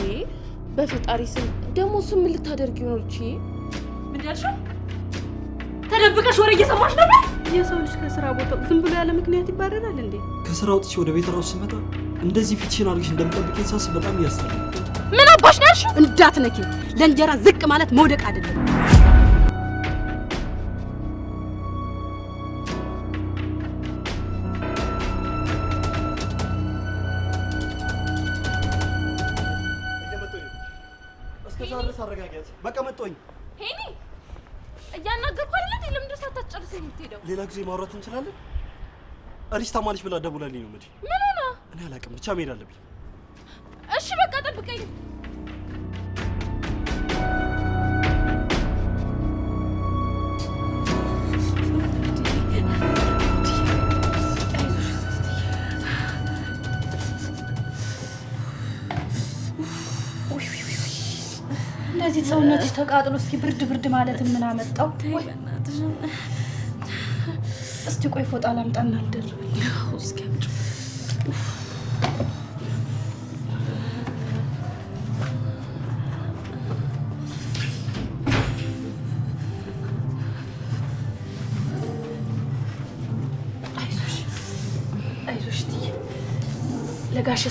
እንዴ! በፈጣሪ ስም ደግሞ እሱን ምን ልታደርጊ ነው? እቺ ምን ያልሽው? ተደብቀሽ ወሬ እየሰማሽ ነበር? የሰው ልጅ ከስራ ቦታው ዝም ብሎ ያለ ምክንያት ይባረራል እንዴ? ከስራ ወጥቼ ወደ ቤት ራሱ ስመጣ እንደዚህ ፊትሽን አድርገሽ እንደምጠብቅ ሳስ በጣም ያስጠላል። ምን አባሽ ነው ያልሽው? እንዳትነኪ። ለእንጀራ ዝቅ ማለት መውደቅ አይደለም። ማውራት እንችላለን? አሪስ ታማለች ብላ ደውላልኝ ነው። ምንድን ምን ሆና? እኔ አላውቅም፣ ብቻ መሄድ አለብኝ። እሺ በቃ ጠብቀኝ። እንደዚህ ሰውነትሽ ተቃጥሎ እስኪ ብርድ ብርድ ማለት ምን አመጣው? እስቲ ቆይ ፎጣ ላምጣና አልደር እስኪ አምጪ።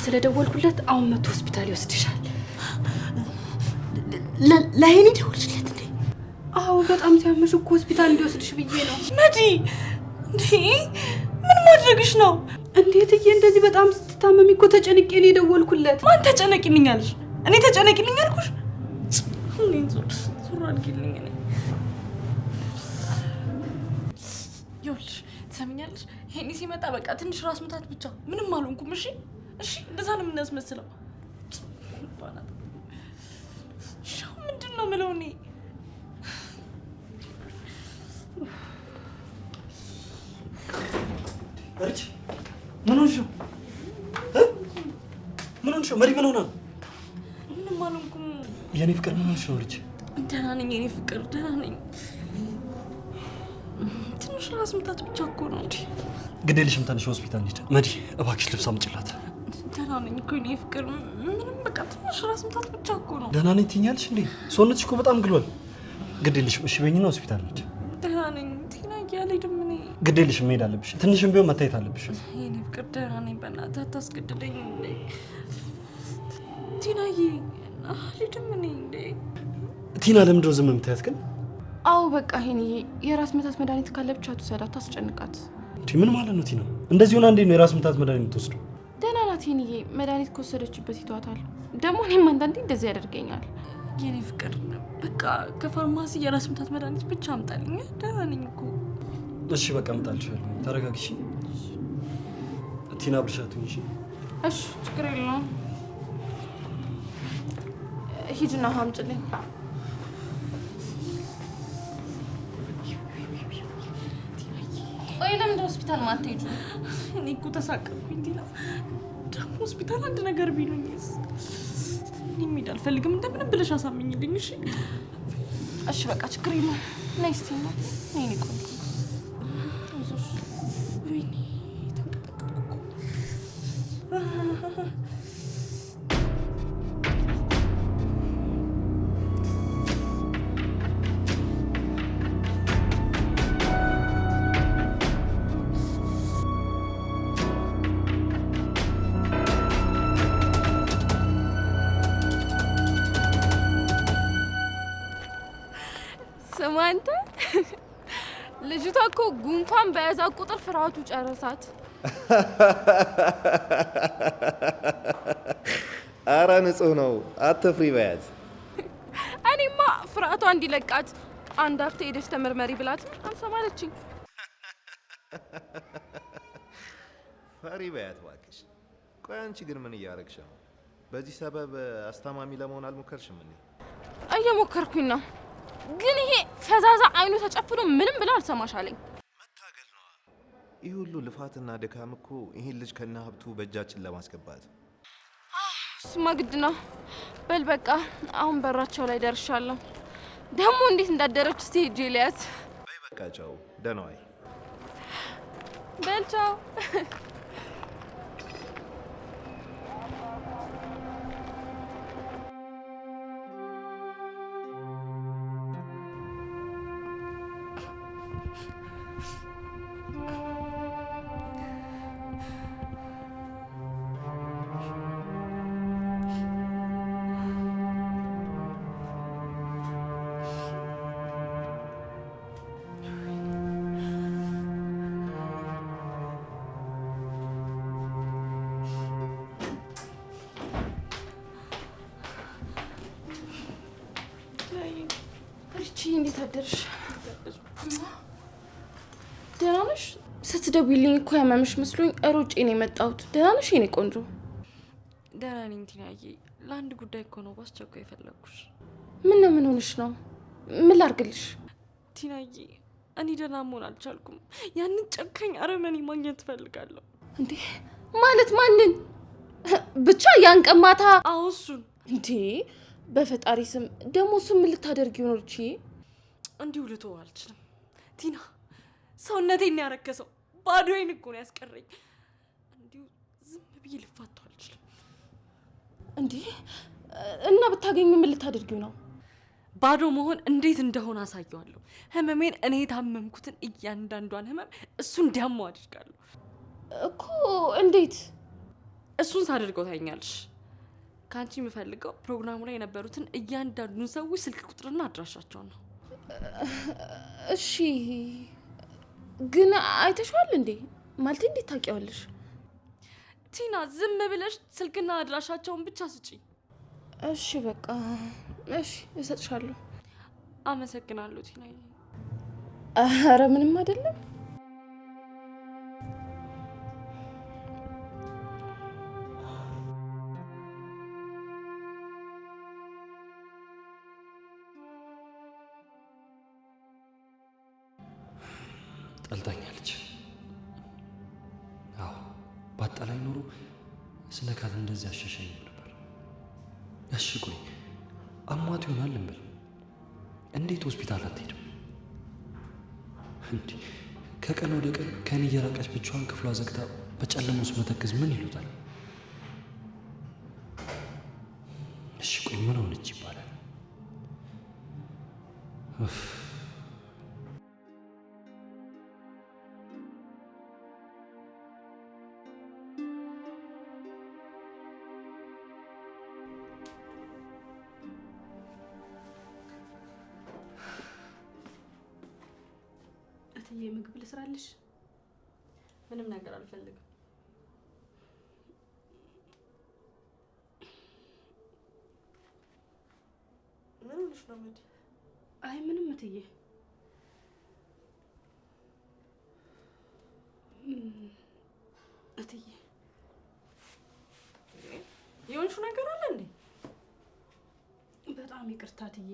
ስለደወልኩለት አሁን መቶ ሆስፒታል ይወስድሻል። ለአይኔ ደወልሽለት? አዎ፣ በጣም ሲያመሽ እኮ ሆስፒታል እንዲወስድሽ ብዬ ነው መዲ ምን ማድረግሽ ነው? እንዴትዬ! እንደዚህ በጣም ስትታመሚ እኮ ተጨንቄ ነው የደወልኩለት። ማን ተጨነቂልኝ አለሽ? እኔ ተጨነቂልኝ አልኩሽ? ይኸውልሽ፣ ትሰሚኛለሽ? ይሄኔ ሲመጣ በቃ ትንሽ ራስ ምታት ብቻ፣ ምንም አልሆንኩም። እሺ፣ እሺ፣ እንደዛ ነው የምናስመስለው። ምንድን ነው የምለው እኔ እርጅ ምን ሆንሽ ነው? ምን ሆንሽ ነው? መሪ ምን ሆና ነው? ምንም አልሆንኩም። የኔ ፍቅር ምን ሆንሽ ነው? ደህና ነኝ የኔ ፍቅር ደህና ነኝ። ትንሽ ራስ ምታት ብቻ እኮ ነው እንጂ ግዴልሽም። ትንሽ ሆስፒታል እንሂድ። መዲ እባክሽ ልብስ አምጪላት። ደህና ነኝ እኮ የኔ ፍቅር ምንም በቃ ትንሽ ራስ ምታት ብቻ እኮ ነው። ደህና ነኝ ትይኛለሽ እንዴ? ሰውነትሽ እኮ በጣም ግሏል። ግዴልሽም። እሺ በይኝና ሆስፒታል እንሂድ። ግድልሽ መሄድ አለብሽ። ትንሽም ቢሆን መታየት አለብሽ። የኔ ፍቅር ደህና ነኝ። በእናትህ አታስገድደኝ ቲናዬ። አልሄድም እኔ እንዴ ቲና። ለምንድን ነው ዝም የምታያት ግን? አዎ በቃ ይሄን የራስ ምታት መድኃኒት ካለ ብቻ ትውሰዳት፣ ታስጨንቃት። ምን ማለት ነው ቲና? እንደዚህ ሆና እንዴት ነው የራስ ምታት መድኃኒት የምትወስደው? ደህና ናት ሄንዬ። መድኃኒት ከወሰደችበት ይተዋታል። ደግሞ እኔም አንዳንዴ እንደዚህ ያደርገኛል። የኔ ፍቅር በቃ ከፋርማሲ የራስ ምታት መድኃኒት ብቻ አምጣልኝ። ደህና ነኝ እኮ እሺ በቃ እመጣልሻለሁ። ተረጋግሽ። ቲና ብልሻቱ እንጂ እሺ፣ ችግር የለውም። ሂጅና አምጪልኝ። ቆይ ለምንድን ሆስፒታል ማትሄጁ? እኔ እኮ ተሳቀቅኩኝ። ቲና ደግሞ ሆስፒታል አንድ ነገር ቢሉኝስ? እኔ የምሄድ አልፈልግም። እንደምንም ብለሽ አሳምኝልኝ። እሺ፣ እሺ፣ በቃ ችግር የለውም። ነይ እስኪ ነው ስማ ልጅቷ እኮ ጉንፋን በያዛ ቁጥር ፍርሃቱ ጨረሳት። አረ ንጹህ ነው፣ አትፍሪ በያት። እኔማ ፍርሃቷ እንዲለቃት አንድ ሀፍታ ሄደች ተመርመሪ ብላት አልሰማለችኝ። ፈሪ በያት እባክሽ። ቆይ አንቺ ግን ምን እያደረግሽ ነው? በዚህ ሰበብ አስተማሚ ለመሆን አልሞከርሽም? እኔ እየሞከርኩኝ ነው፣ ግን ይሄ ፈዛዛ አይኑ ተጨፍኖ ምንም ብላ አልሰማሽ መታገል ነዋ። ይህ ሁሉ ልፋትና ድካም እኮ ይህን ልጅ ከነ ሀብቱ በእጃችን ለማስገባት እሱማ ግድ ነው። በል በቃ አሁን በራቸው ላይ ደርሻለሁ። ደግሞ እንዴት እንዳደረች እስቲ ሂጅ ልያት። በይ በቃ ቻው፣ ደህና ዋይ። በል ቻው። እቺ እንዴት አደርሽ? ደህና ነሽ? ስትደውይልኝ እኮ ያመምሽ መስሎኝ ሮጬ ነው የመጣሁት። ደህና ነሽ የኔ ቆንጆ? ደህና ነኝ ቲናዬ። ለአንድ ጉዳይ እኮ ነው በአስቸኳይ የፈለግኩሽ። ምን ነው ምን ሆንሽ ነው? ምን ላርግልሽ? ቲናዬ እኔ ደህና መሆን አልቻልኩም። ያንን ጨካኝ አረመኔ ማግኘት እፈልጋለሁ። እንዴ ማለት ማንን? ብቻ ያን ቀን ማታ። አዎ እሱን። እንዴ በፈጣሪ ስም ደግሞ እሱ ምን ልታደርጊ ሆኖ? እንዲሁ ልቶ አልችልም ቲና። ሰውነቴን ያረከሰው ባዶዬን እኮ ነው ያስቀረኝ። እንዲሁ ዝም ብዬ ልፋቶ አልችልም። እንዲህ እና ብታገኙ ምን ልታደርጊው ነው? ባዶ መሆን እንዴት እንደሆነ አሳየዋለሁ። ህመሜን፣ እኔ የታመምኩትን እያንዳንዷን ህመም እሱ እንዲያመው አድርጋለሁ እኮ። እንዴት እሱን ሳደርገው ታይኛለሽ? ከአንቺ የምፈልገው ፕሮግራሙ ላይ የነበሩትን እያንዳንዱን ሰዎች ስልክ ቁጥርና አድራሻቸው ነው። እሺ፣ ግን አይተሸዋል እንዴ? ማለቴ እንዴት ታውቂዋለሽ? ቲና፣ ዝም ብለሽ ስልክና አድራሻቸውን ብቻ ስጪ። እሺ፣ በቃ እሺ፣ እሰጥሻለሁ። አመሰግናለሁ ቲና። ኧረ ምንም አይደለም። ብቻዋን ክፍሏ ዘግታ በጨለማ ውስጥ መተክዝ ምን ይሉታል? እሺ ቆይ ምን ሆነች ይባላል? እትዬ ምግብ ልስራልሽ? ነው ምድ? አይ ምንም እትዬ። እትዬ የሆንሽው ነገር አለ እንዴ? በጣም ይቅርታ እትዬ፣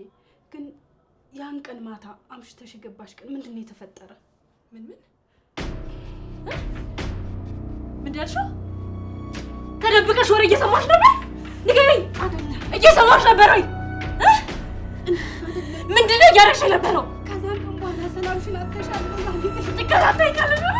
ግን ያን ቀን ማታ አምሽተሽ የገባሽ ቀን ምንድን ነው የተፈጠረ? ምን ምን ምንድን ያልሽው? ተደብቀሽ ወሬ እየሰማሽ ነበር? ንገሪኝ። እየሰማሽ ነበር ወይ? ምንድነው እያደረግሽ የነበረው? ከዛም ከንቧላ ሰላምሽን አተሻለ ትከታተይኛለሽ ሆነ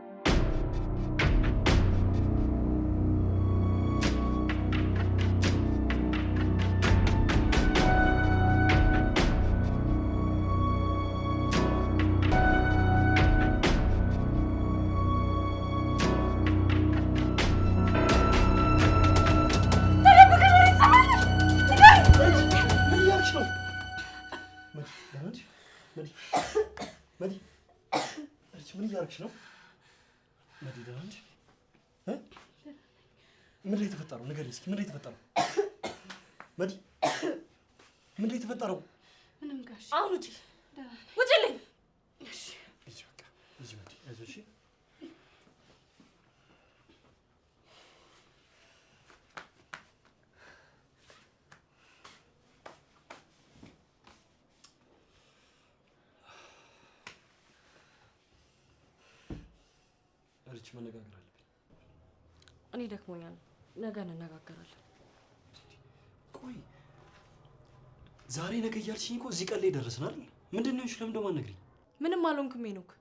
መዲ አንቺ ምን እያደረግሽ ነው? መዲ ደህና ነሽ? ምን ላይ የተፈጠረው ነገር እስኪ ምን ላይ የተፈጠረው? መዲ ምን ላይ የተፈጠረው? ምንም ጋሽ አሁን ውጪ ውጪልኝ። እሺ፣ በቃ እዚህ መዲ እዚህ መነጋገር አለብን። እኔ ደክሞኛል። ነገ እንነጋገራለን። ቆይ ዛሬ ነገ እያልሽኝ እኮ እዚህ ቀን ላይ ደረስን አይደል? ምንድን ነው ለምን ደማ ነግሪኝ። ምንም አልሆንኩም ሄኖክ።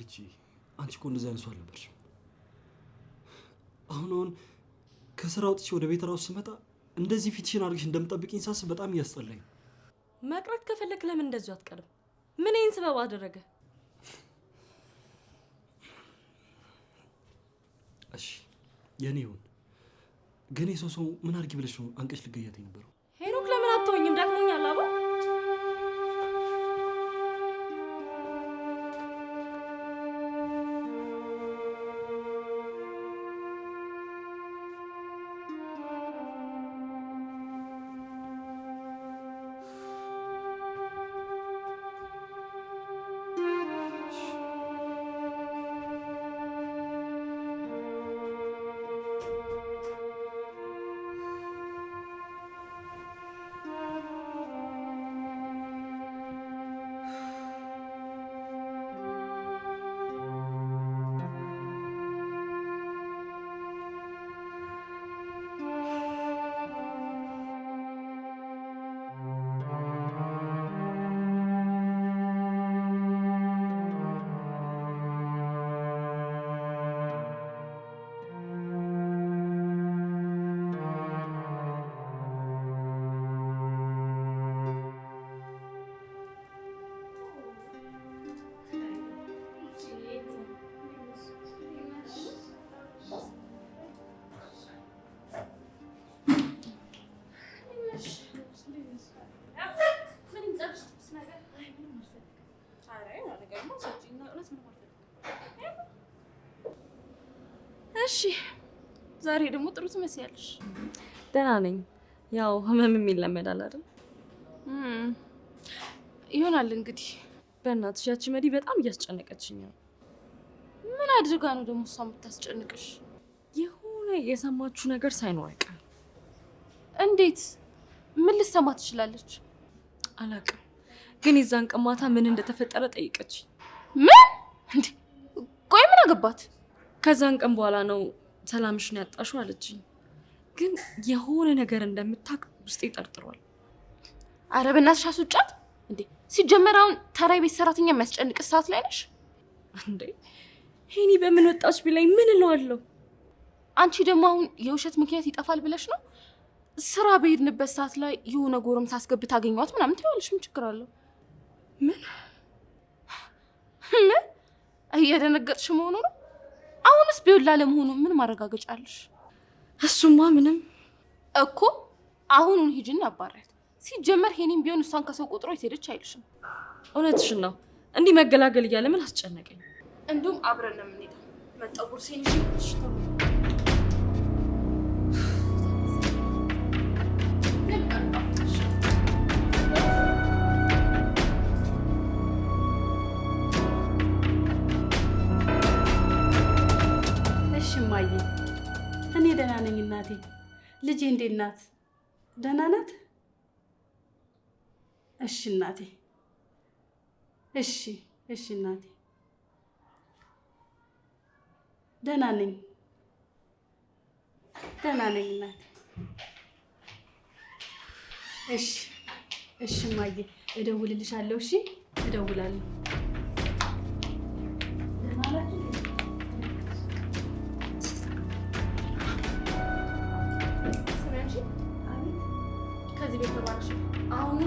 ሪቺ አንቺ እኮ እንደዚህ አይነት ሰው አልነበርሽም። አሁን አሁን ከስራ ወጥቼ ወደ ቤት እራሱ ስመጣ እንደዚህ ፊትሽን አድርግሽ እንደምጠብቅኝ ሳስብ በጣም እያስጠላኝ። መቅረት ከፈለክ ለምን እንደዚሁ አትቀርም? ምን ይህን ስበብ አደረገ? እሺ የኔ ይሁን፣ ግን የሰው ሰው ምን አድርጊ ብለሽ ነው አንቀሽ ልገያት የነበረው? ሄኖክ ለምን አትወኝም ደግሞ ዛሬ ደግሞ ጥሩ ትመስያለሽ። ደህና ነኝ። ያው ህመም ይለመዳል አይደል? ይሆናል እንግዲህ። በእናትሽ ያቺ መዲ በጣም እያስጨነቀችኝ ነው። ምን አድርጋ ነው ደግሞ እሷ የምታስጨንቅሽ? የሆነ የሰማችሁ ነገር ሳይኖር አይቀር። እንዴት? ምን ልሰማ ትችላለች? አላውቅም፣ ግን የዛን ቀን ማታ ምን እንደተፈጠረ ጠይቀች። ምን? ቆይ ምን አገባት? ከዛን ቀን በኋላ ነው ሰላምሽን ያጣሽው አለችኝ። ግን የሆነ ነገር እንደምታቅ ውስጤ ይጠርጥሯል። አረ በእናትሽ አስወጫት እንዴ! ሲጀመር አሁን ተራ ቤት ሰራተኛ የሚያስጨንቅ ሰዓት ላይ ነሽ እንዴ? ሄኒ በምን ወጣች ቢላይ ምን እለዋለሁ? አንቺ ደግሞ አሁን የውሸት ምክንያት ይጠፋል ብለሽ ነው ስራ በሄድንበት ሰዓት ላይ የሆነ ጎረም ሳስገብ ታገኘዋት ምናምን ትይዋለሽ። ምን ችግር አለው? ምን ምን እየደነገጥሽ መሆኑ ነው? አሁንስ ቢሆን ላለመሆኑ ምን ማረጋገጫ አለሽ? እሱማ ምንም እኮ አሁኑን ሂጅና አባሪያት። ሲጀመር ሄኔም ቢሆን እሷን ከሰው ቁጥሮ የትሄደች አይልሽም። እውነትሽን ነው። እንዲህ መገላገል እያለ ምን አስጨነቀኝ። እንዲሁም አብረን ነው የምንሄደው። መጠጉር ሴንሽ ልጄ እንዴት ናት? ደህና ናት? እሺ እናቴ፣ እሺ እሺ እናቴ፣ ደህና ነኝ፣ ደህና ነኝ እናቴ። እሺ እሺ፣ እማዬ እደውልልሻለሁ። እሺ እደውላለሁ።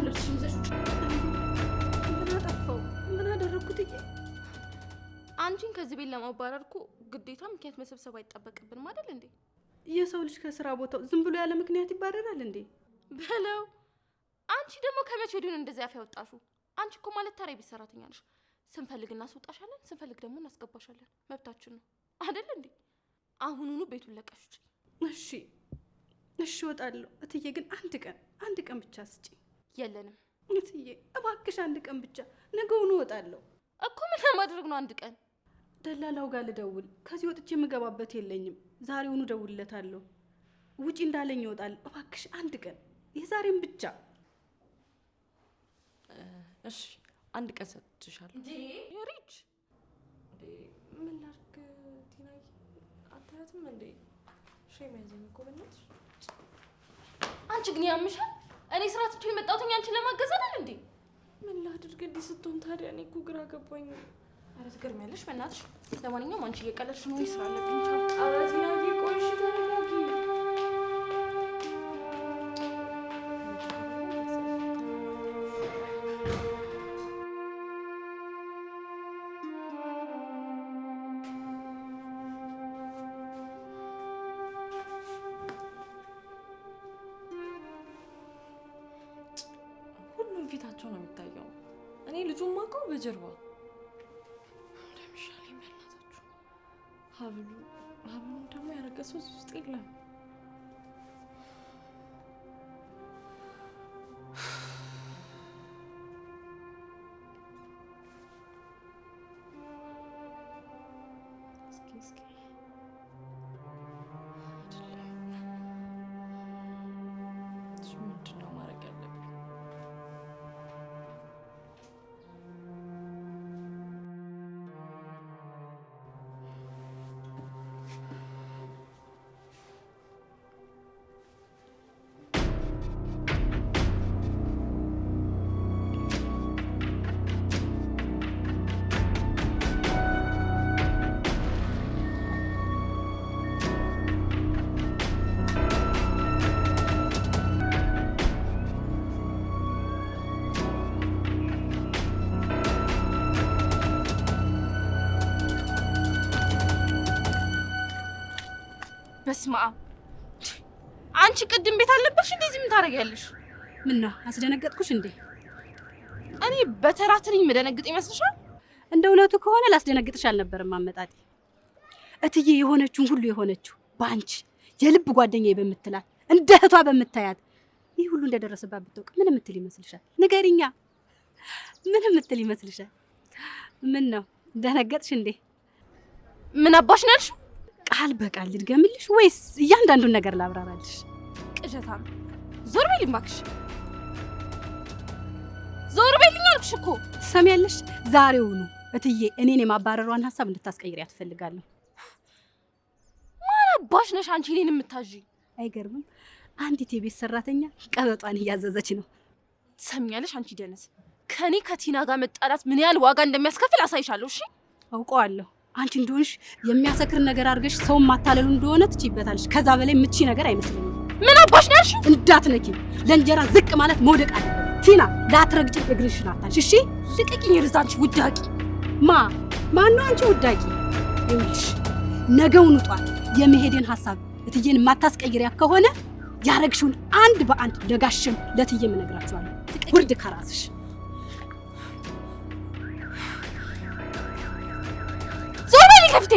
ልብስሽን ይዘሽ ምን አጠፋው? ምን አደረግኩት? አንቺን ከዚህ ቤት ለማባረር እኮ ግዴታ ምክንያት መሰብሰብ አይጠበቅብንም አይደል እንዴ? የሰው ልጅ ከስራ ቦታው ዝም ብሎ ያለ ምክንያት ይባረራል እንዴ? በለው አንቺ ደግሞ ከመቼ ወዲሁን እንደዚህ አፍ ያወጣሹ? አንቺ እኮ ማለት ታዲያ ቤት ሰራተኛ ነሽ። ስንፈልግ እናስወጣሻለን፣ ስንፈልግ ደግሞ እናስገባሻለን። መብታችን ነው አይደል እንዴ? አሁኑኑ ቤቱን ለቀሽ ውጪ። እሺ እሺ፣ እወጣለሁ። እትዬ ግን አንድ ቀን አንድ ቀን ብቻ ስጪ። የለንም። እትዬ እባክሽ አንድ ቀን ብቻ ነገውኑ እወጣለሁ እኮ። ምን ለማድረግ ነው? አንድ ቀን ደላላው ጋር ልደውል። ከዚህ ወጥቼ የምገባበት የለኝም። ዛሬውኑ እደውልለታለሁ። ውጪ እንዳለኝ ይወጣል። እባክሽ አንድ ቀን የዛሬም ብቻ እሺ። አንድ ቀን ሰጥሻለሁ። ሪች ምን ላድርግ? ቲናይ አታያትም እንዴ? ሼም ያዘኝ እኮ በእናትሽ። አንቺ ግን ያምሻል እኔ ስራ ትቼ የመጣሁት አንቺን ለማገዝ አይደል እንዴ? ምን ላድርግ እንዲህ ስትሆን ታዲያ? እኔ እኮ ግራ ገባኝ። ኧረ ትገርሚያለሽ በእናትሽ። ለማንኛውም አንቺ እየቀለድሽ ነው። ስራ አለብኝ። ቆይሽ Козерог. በስመ አብ አንቺ ቅድም ቤት አለበሽ እንደዚህ ምን ታደርጊያለሽ? ምን አስደነገጥኩሽ እንዴ? እኔ በተራትኝ የምደነግጥ ይመስልሻል? እንደ እውነቱ ከሆነ ላስደነግጥሽ አልነበረም አመጣጤ። እትዬ የሆነችውን ሁሉ የሆነችው በአንቺ የልብ ጓደኛዬ በምትላት እንደ እህቷ በምታያት ይህ ሁሉ እንደደረሰባት ብታውቅ ምን የምትል ይመስልሻል? ንገሪኛ፣ ምን የምትል ይመስልሻል? ምን ነው ደነገጥሽ እንዴ? ምን አባሽ ነልሽ? ቃል በቃል ልድገምልሽ ወይስ እያንዳንዱን ነገር ላብራራልሽ? ቅዠታ ዞር በይልኝ እባክሽ፣ ዞር በይልኝ አልኩሽ እኮ። ትሰሚያለሽ? ዛሬውኑ እትዬ እኔን የማባረሯን ሀሳብ እንድታስቀይር ያትፈልጋለሁ። ማን አባሽ ነሽ አንቺ እኔን የምታዥ? አይገርምም? አንዲት የቤት ሰራተኛ ቀበጧን እያዘዘች ነው። ትሰሚያለሽ? አንቺ ደነስ ከኔ ከቲና ጋር መጣላት ምን ያህል ዋጋ እንደሚያስከፍል አሳይሻለሁ። እሺ፣ አውቀዋለሁ አንቺ እንደሆንሽ የሚያሰክር ነገር አድርገሽ ሰው ማታለሉ እንደሆነ ትችይበታለሽ። ከዛ በላይ ምቺ ነገር አይመስለኝም። ምን አባሽ ነሽ? እንዳትነኪ። ለእንጀራ ዝቅ ማለት መውደቅ አለ። ቲና ላትረግጭ እግርሽን አታልሽ። እሺ ልቀቂኝ። የርዛንቺ ውዳቂ ማ ማን ነው? አንቺ ውዳቂ ይኸውልሽ፣ ነገውን ጧት የመሄድን ሀሳብ እትዬን ማታስቀይሪያ ከሆነ ያረግሽውን አንድ በአንድ ለጋሽም ለትዬም እነግራቸዋለሁ። ውርድ ከራስሽ ከፊቴ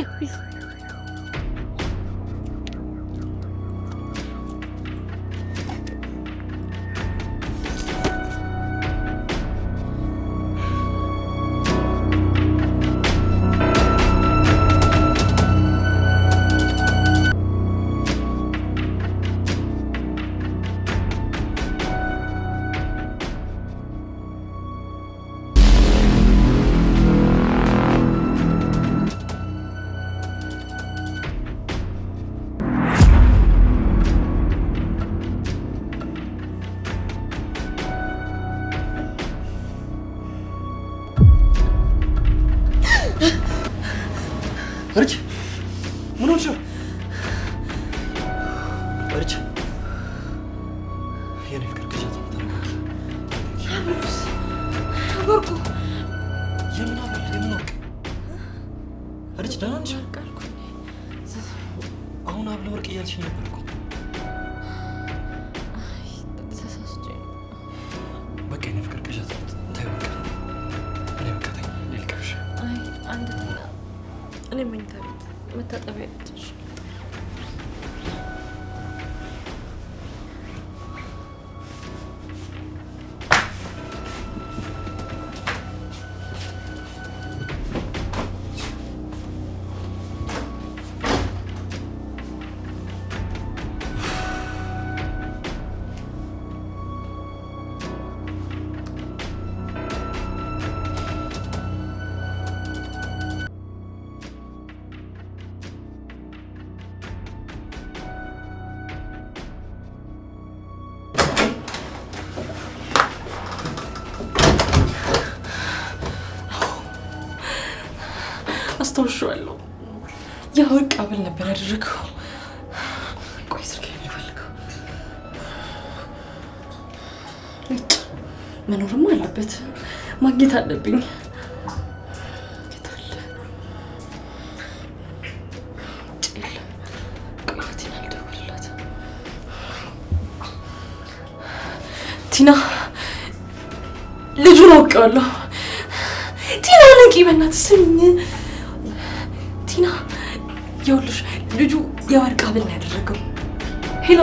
ያ የወርቅ ብል ነበር ያደረገው። ቆይ ስልክ የሚፈልገው መኖርም አለበት። ማግኘት አለብኝ። ቲና ልጁን ቲና ነቂ በእናትህ ስኝ ይኸውልሽ ልጁ የወርቅ ሐብል ነው ያደረገው። ሄሎ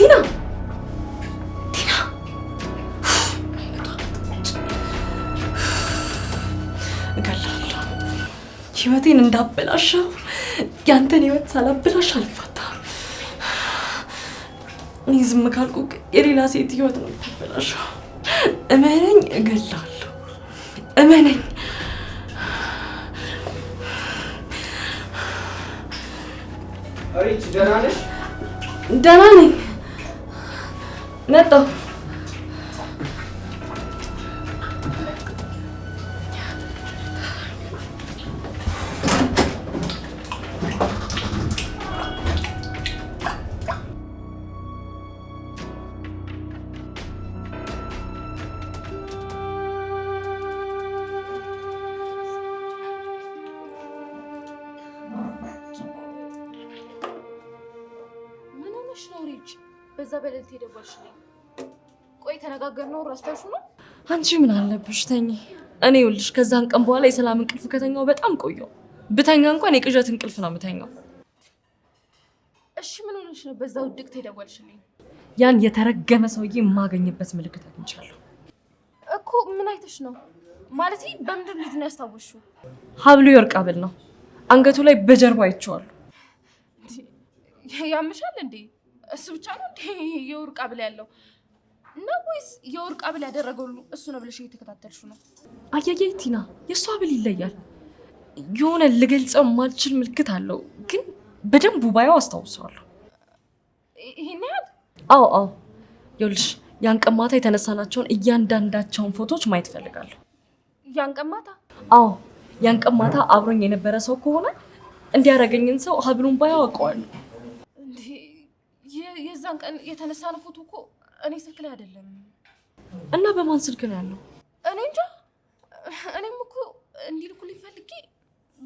ቲና ህይወቴን እንዳበላሸው ያንተን ህይወት ሳላበላሽ አልፋታ። እኔ ዝም ካልኩ የሌላ ሴት ህይወት ነው የምታበላሸው። እመነኝ፣ እገላለሁ። እመነኝ ደህና ነሽ? ደህና ነኝ። መጣሁ በሌሊት የደወልሽልኝ? ቆይ ተነጋገርነው ረስተሽ ነው? አንቺ ምን አለብሽ ተኝ። እኔ ይኸውልሽ ከዛን ቀን በኋላ የሰላም እንቅልፍ ከተኛው በጣም ቆየው። ብተኛ እንኳን የቅዠት እንቅልፍ ነው የምተኛው። እሺ ምን ሆነሽ ነው በዛ ውድቅት የደወልሽልኝ? ያን የተረገመ ሰውዬ የማገኝበት ምልክት አግኝቻለሁ እኮ። ምን አይተሽ ነው ማለት? በምንድን ልጁ ያስታወሽው? ሀብሉ የወርቅ ሀብል ነው። አንገቱ ላይ በጀርባ አይቼዋለሁ። ያምሻል እንዴ? እሱ ብቻ ነው እንዴ የወርቅ አብል ያለው ነው ወይስ የወርቅ አብል ያደረገው እሱ ነው ብለሽ እየተከታተልሽ ነው? አያየ ቲና፣ የእሱ ሀብል ይለያል። የሆነ ልገልጸው ማልችል ምልክት አለው፣ ግን በደንብ ባየው አስታውሰዋለሁ። ይሄን ያህል? አዎ አዎ። ይኸውልሽ ያን ቀን ማታ የተነሳናቸውን እያንዳንዳቸውን ፎቶዎች ማየት ፈልጋለሁ። ያን ቀን ማታ? አዎ ያን ቀን ማታ አብሮኝ የነበረ ሰው ከሆነ እንዲያረገኝን ሰው ሀብሉን ባየው አውቀዋለሁ። የዛን ቀን የተነሳነው ፎቶ እኮ እኔ ስልክ ላይ አይደለም። እና በማን ስልክ ነው ያለው? እኔ እንጃ። እኔም እኮ እንዲልኩልኝ ፈልጌ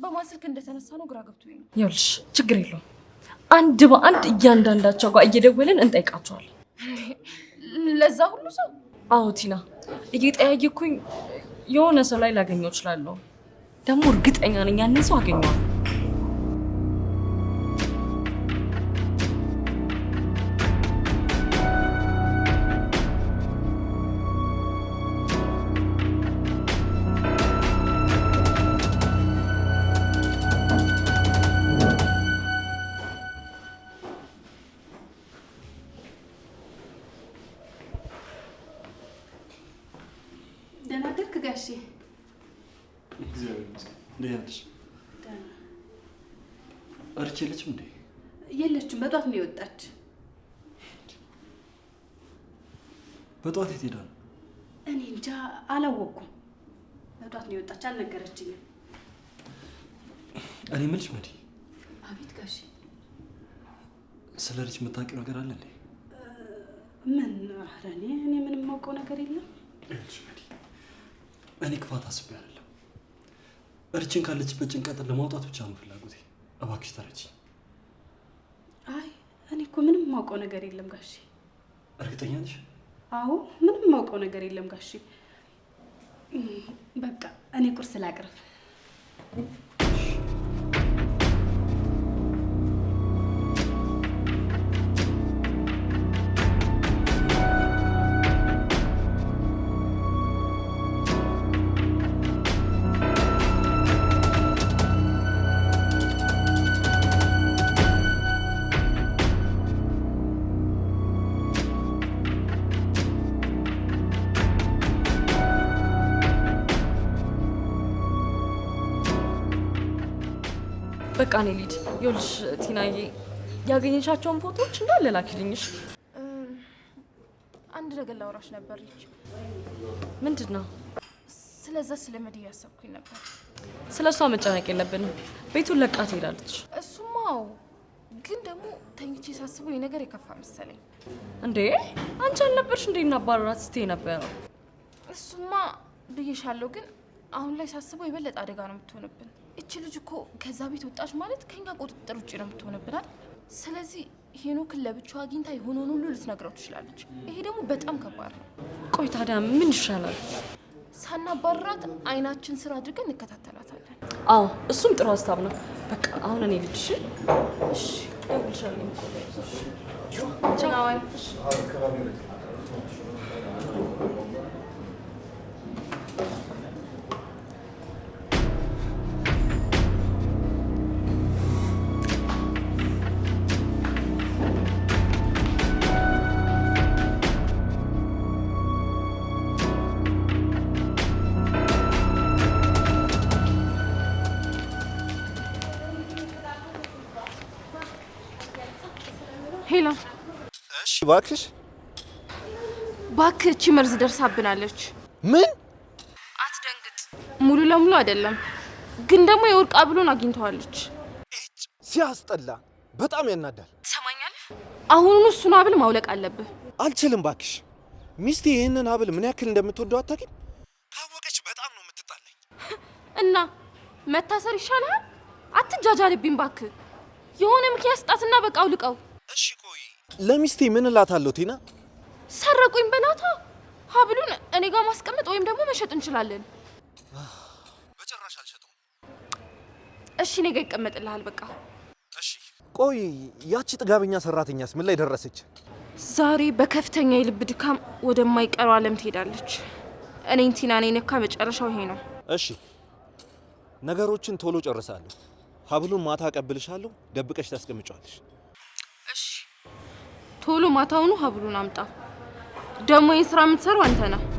በማን ስልክ እንደተነሳ ነው ግራ ገብቶኝ ነው። ይኸውልሽ፣ ችግር የለውም አንድ በአንድ እያንዳንዳቸው ጋር እየደወልን እንጠይቃቸዋለን። ለዛ ሁሉ ሰው? አዎ ቲና፣ እየጠያየኩኝ የሆነ ሰው ላይ ላገኘው እችላለሁ። ደግሞ እርግጠኛ ነኝ ያንን ሰው አገኘዋለሁ። ነው የወጣች። በጠዋት የት ሄዳ እኔ እንጃ አላወኩም። በጠዋት ነው የወጣች አልነገረችኝም። እኔ የምልሽ መዲ። አቤት ስለ ልጅ የምታውቂው ነገር አለ እንዴ? ምን? ኧረ እኔ እኔ ምንም ነገር የለም። እኔ ክፋት አስቤ አይደለም። እርችን ካለችበት ጭንቀት ለማውጣት ብቻ ነው ፍላጎቴ። እባክሽ ተረጂ። አይ እኔ እኮ ምንም ማውቀው ነገር የለም ጋሺ። እርግጠኛ ነሽ? አዎ ምንም ማውቀው ነገር የለም ጋሺ። በቃ እኔ ቁርስ ላቅርብ። የኔ ሊድ ይኸውልሽ፣ ቲናዬ ያገኘሻቸውን ፎቶዎች እንዳለ ላኪልኝሽ። አንድ ነገር ላውራሽ ነበር። ልጅ ምንድን ነው? ስለዛ ስለ መድ ያሰብኩኝ ነበር። ስለ እሷ መጨነቅ የለብንም። ቤቱን ለቃ ትሄዳለች። እሱማው ግን ደግሞ ተኝቼ ሳስበው ነገር የከፋ መሰለኝ። እንዴ አንቺ አልነበርሽ እንዴ እናባረራት ስትይ ነበረው? እሱማ ብዬሻለሁ። ግን አሁን ላይ ሳስበው የበለጠ አደጋ ነው የምትሆንብን እች ልጅ እኮ ከዛ ቤት ወጣች ማለት ከኛ ቁጥጥር ውጭ ነው የምትሆንብናል። ስለዚህ ሄኖክን ለብቻው አግኝታ የሆነውን ሁሉ ልትነግረው ትችላለች። ይሄ ደግሞ በጣም ከባድ ነው። ቆይ ታዲያ ምን ይሻላል? ሳናባራት አይናችን ስራ አድርገን እንከታተላታለን። አዎ እሱም ጥሩ ሀሳብ ነው። በቃ አሁን እኔ ልጅ እሺ እባክሽ እባክህ፣ እቺ መርዝ ደርሳብናለች። ምን? አትደንግጥ። ሙሉ ለሙሉ አይደለም ግን ደግሞ የወርቅ አብሎን አግኝተዋለች። ሲያስጠላ፣ በጣም ያናዳል። ትሰማኛለህ? አሁኑኑ እሱን አብል ማውለቅ አለብህ። አልችልም ባክሽ። ሚስቴ ይህንን አብል ምን ያክል እንደምትወደው አታውቂም። ካወቀች በጣም ነው የምትጣለኝ። እና መታሰር ይሻልሃል። አትጃጃልብኝ ባክ የሆነ ምክንያት ስጣትና በቃ አውልቀው። ለሚስቴ ምን እላታለሁ? ቲና ሰረቁኝ በናታ ሀብሉን እኔ ጋር ማስቀመጥ ወይም ደግሞ መሸጥ እንችላለን። በጭራሽ አልሸጠውም። እሺ እኔ ጋር ይቀመጥልሃል። በቃ እሺ። ቆይ ያቺ ጥጋበኛ ሰራተኛስ ምን ላይ ደረሰች? ዛሬ በከፍተኛ የልብ ድካም ወደማይቀረው ዓለም ትሄዳለች። እኔን ቲና እኔ ነካ መጨረሻው ይሄ ነው። እሺ ነገሮችን ቶሎ ጨርሳለሁ። ሀብሉን ማታ አቀብልሻለሁ፣ ደብቀሽ ታስቀምጫዋለሽ። ቶሎ ማታውኑ ሀብሉን አምጣ። ደግሞ ይህን ስራ የምትሰሩ አንተ ነህ።